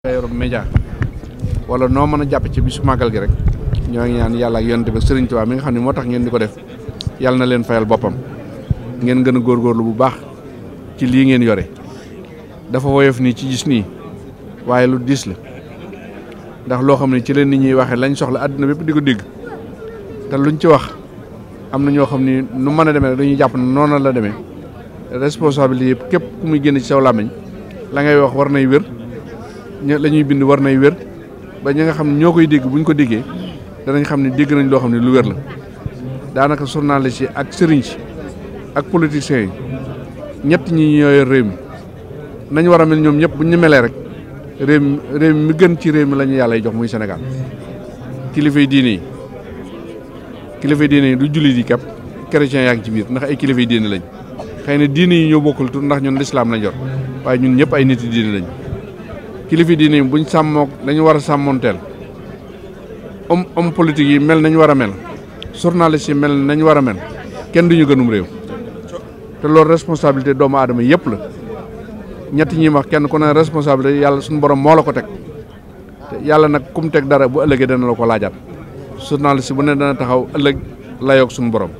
nga yorob média wala noo mën a jàpp ci bisu màggal gi rek ñoo ngi ñaan yàlla ak yonent bi Sëriñ Tuubaa mi nga xam ne moo tax ngeen di ko def yàlla na leen fayal boppam ngeen gën a góorgóorlu bu baax ci lii ngeen yore dafa woyof nii ci gis nii waaye lu diis la ndax loo xam ne ci leen nit ñuy waxee lañ soxla àddina bépp di ko dégg te luñ ci wax am na ñoo xam ni nu mën a demee dañuy jàpp ne noonu la demee responsabilité yëpp képp ku muy génn ci saw làmmiñ la ngay wax war nay wér la ñuy bind war nay wér ba ñi nga xam ne ñoo koy dégg bu ñu ko déggee danañ xam ne dégg nañ loo xam ne lu wér la daanaka journaliste yi ak sëriñ si ak politiciens yi ñett ñi ñoo yor réew mi nañ war a mel ñoom ñëpp bu ñu melee rek réew mi gën ci réew mi la ñu yàlla jox muy kilifa kilifay diine yi kilifay diine yi du jullit yi képp chrétien yaa ngi ci biir ndax ay kilifa kilifay diine lañ xëy na diine yi ñoo bokkul tur ndax ñun lislaam na jot waaye ñun ñëpp ay nit yi diine lañ kilifi diine yi buñ sàmmoog dañu war a sàmmoonteel homme homme politique yi mel nañu war a mel journaliste yi mel nañu war a mel kenn duñu gënum réew te loolu responsabilité doomu aadama yëpp la ñetti ñi wax kenn ku ne responsabilité yàlla suñu borom moo la ko teg yàlla nag kum teg dara bu ëllëgee dana la ko laajaat journaliste bu ne dana taxaw ëllëg layoog suñu borom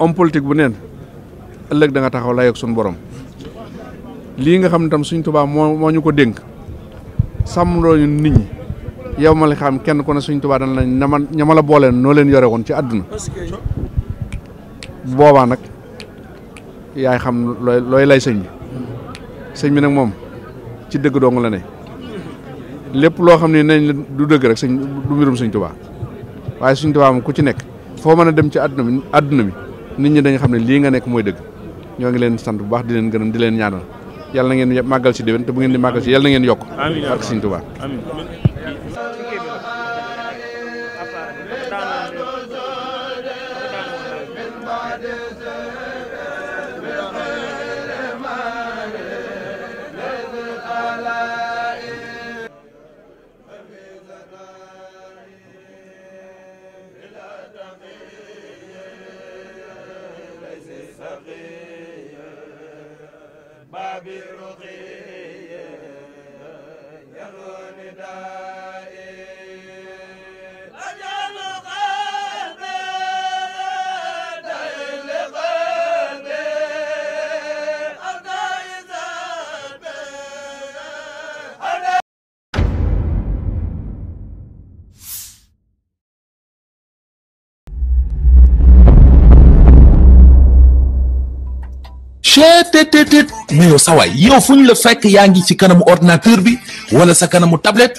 homme politique bu neen ëllëg da nga taxaw layoog suñu borom lii nga xam ne tam suñ tubaa moo moo ñu ko dénk sàmm looñu nit ñi yow ma la xam kenn ku ne suñ tubaa dana lañ ñama ñama la booleen noo leen yore woon ci àdduna boobaa nag yaay xam looy lay sëñ bi sëñ bi nag moom ci dëgg dong la ne lépp loo xam ne nañ la du dëgg rek sëñ du mbirum suñ tubaa waaye suñ tubaa moom ku ci nekk foo mën a dem ci àdduna bi àdduna bi nit ñi dañu xam ne lii nga nekk mooy dëgg ñoo ngi leen sant bu baax di leen gërëm di leen ñaanal yàlla na ngeen màggal si déwén te bu ngeen di màggal si yàlla na ngeen yokk barke Sëriñ Tuubaa Amen. باب الرقي يغني دار te mais yow sa waay yow fu la fekk yaa ngi ci kanamu ordinateur bi wala sa kanamu tablette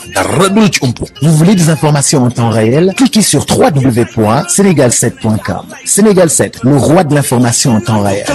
dara du la Vous voulez des informations en temps réel? Cliquez sur www.senegal7.com. Sénégal 7, le roi de l'information en temps réel.